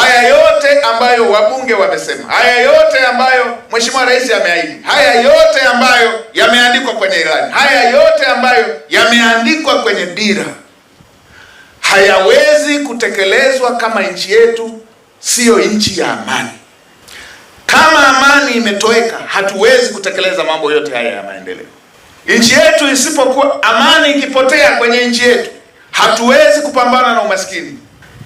haya yote ambayo wabunge wamesema, haya yote ambayo Mheshimiwa Rais ameahidi, haya yote ambayo yameandikwa kwenye ilani, haya yote ambayo yameandikwa kwenye dira, hayawezi kutekelezwa kama nchi yetu siyo nchi ya amani. Kama amani imetoweka, hatuwezi kutekeleza mambo yote haya ya maendeleo. Nchi yetu isipokuwa amani, ikipotea kwenye nchi yetu, hatuwezi kupambana na umaskini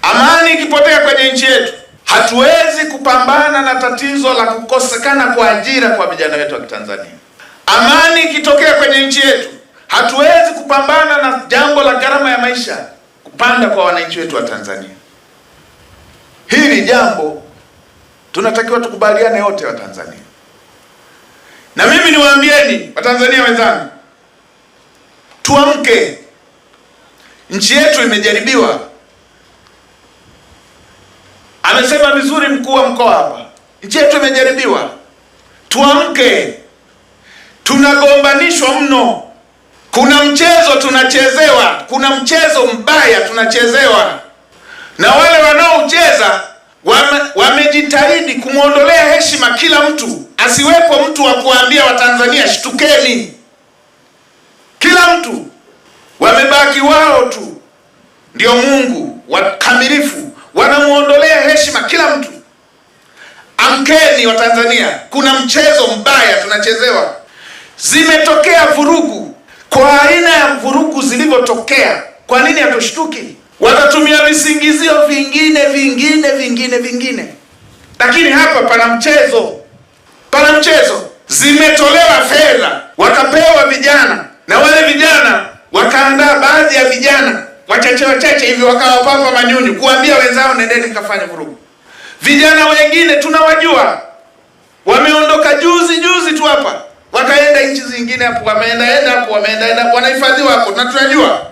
Amani ikipotea kwenye nchi yetu, hatuwezi kupambana na tatizo la kukosekana kwa ajira kwa vijana wetu wa Kitanzania. Amani ikitokea kwenye nchi yetu, hatuwezi kupambana na jambo la gharama ya maisha kupanda kwa wananchi wetu wa Tanzania. Hili jambo tunatakiwa tukubaliane wote wa Tanzania, na mimi niwaambieni Watanzania wenzangu, tuamke. Nchi yetu imejaribiwa Amesema vizuri mkuu wa mkoa hapa, nchi yetu imejaribiwa. Tuamke, tunagombanishwa mno. Kuna mchezo tunachezewa, kuna mchezo mbaya tunachezewa, na wale wanaocheza wame, wamejitahidi kumwondolea heshima kila mtu, asiwepo mtu wa kuambia Watanzania shtukeni. Kila mtu wamebaki wao tu ndio Mungu wakamilifu wanamuondolea kila mtu. Amkeni wa Tanzania, kuna mchezo mbaya tunachezewa. Zimetokea vurugu, kwa aina ya vurugu zilivyotokea, kwa nini hatushtuki? Watatumia visingizio vingine vingine vingine vingine, lakini hapa pana mchezo, pana mchezo. Zimetolewa fedha, wakapewa vijana, na wale vijana wakaandaa baadhi ya vijana wachache wachache hivi, wakawapapa manyunyu, kuambia wenzao, nendeni kafanya vurugu. Vijana wengine tunawajua wameondoka juzi juzi tu hapa wakaenda nchi zingine hapo, wameenda enda hapo, wameenda enda wanahifadhi wako, na tunajua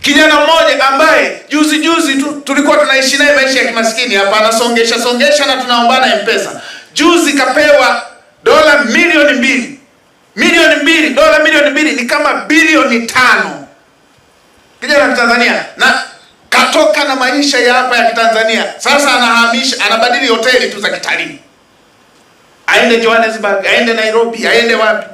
kijana mmoja ambaye juzi juzi tu tulikuwa tunaishi naye maisha ya kimaskini hapa, anasongesha songesha na tunaombana mpesa. Juzi kapewa dola milioni mbili, milioni mbili, dola milioni mbili ni kama bilioni tano, kijana Mtanzania na anatoka na maisha ya hapa ya Kitanzania, sasa anahamisha, anabadili hoteli tu za kitalii, aende Johannesburg, aende Nairobi, aende wapi.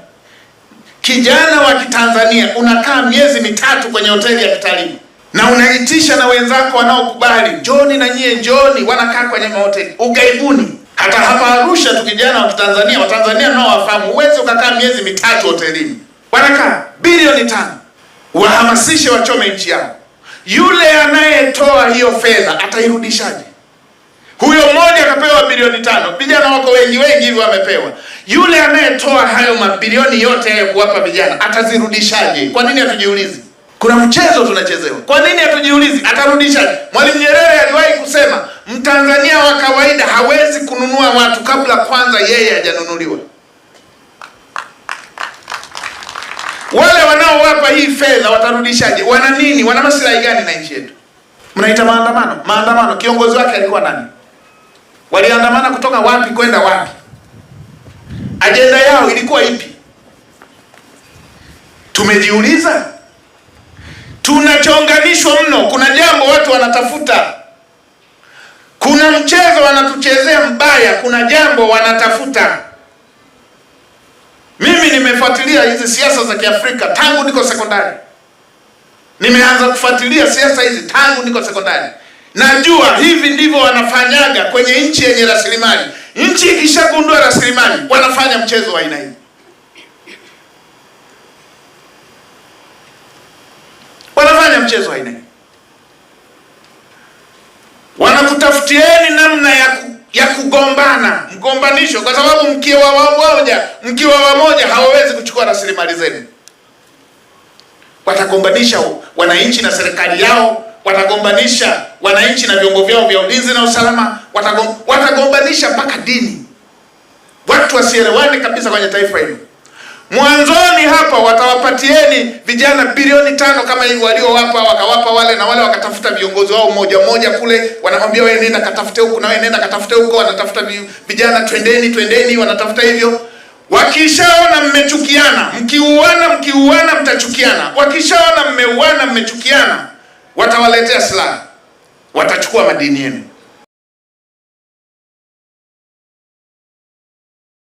Kijana wa Kitanzania unakaa miezi mitatu kwenye hoteli ya kitalii na unaitisha na wenzako wanaokubali, njoni na nyie njoni, wanakaa kwenye mahoteli ugaibuni. Hata hapa Arusha tu kijana wa Kitanzania, Watanzania nao wafahamu, huwezi ukakaa miezi mitatu hotelini. Wanakaa bilioni tano, wahamasishe wachome nchi yao yule anayetoa hiyo fedha atairudishaje? Huyo mmoja akapewa bilioni tano, vijana wako wengi wengi hivyo wamepewa. Yule anayetoa hayo mabilioni yote hayo kuwapa vijana atazirudishaje? Kwa nini hatujiulizi? Kuna mchezo tunachezewa. Kwa nini hatujiulizi? Atarudishaje? Mwalimu Nyerere aliwahi kusema Mtanzania wa kawaida hawezi kununua watu kabla kwanza yeye hajanunuliwa. Wale wanaowapa hii fedha watarudishaje? Wana nini? Wana maslahi gani na nchi yetu? Mnaita maandamano? Maandamano kiongozi wake alikuwa nani? Waliandamana kutoka wapi kwenda wapi? Ajenda yao ilikuwa ipi? Tumejiuliza. tunachonganishwa mno, kuna jambo watu wanatafuta, kuna mchezo wanatuchezea mbaya, kuna jambo wanatafuta mimi nimefuatilia hizi siasa za Kiafrika tangu niko sekondari. Nimeanza kufuatilia siasa hizi tangu niko sekondari. Najua hivi ndivyo wanafanyaga kwenye nchi yenye rasilimali. Nchi ikishagundua rasilimali, wanafanya mchezo wa aina hii. Wanafanya mchezo wa aina hii, wanakutafutieni namna ya, ya kugomba mgombanisho, kwa sababu mkiwa wamoja, mkiwa wamoja hawawezi kuchukua rasilimali zenu. Watagombanisha wananchi na serikali yao, watagombanisha wananchi na vyombo vyao vya ulinzi na usalama, watagombanisha mpaka dini, watu wasielewane kabisa kwenye taifa hili. Mwanzoni hapa watawapatieni vijana bilioni tano kama hivi waliowapa, wakawapa wale na wale, wakatafuta viongozi wao moja moja kule, wanamwambia wewe nenda katafute huku na wewe nenda katafute huko, wanatafuta vijana, twendeni twendeni, wanatafuta hivyo. Wakishaona mmechukiana, mkiuana, mkiuana mtachukiana. Wakishaona mmeuana, mmechukiana, watawaletea silaha, watachukua madini yenu.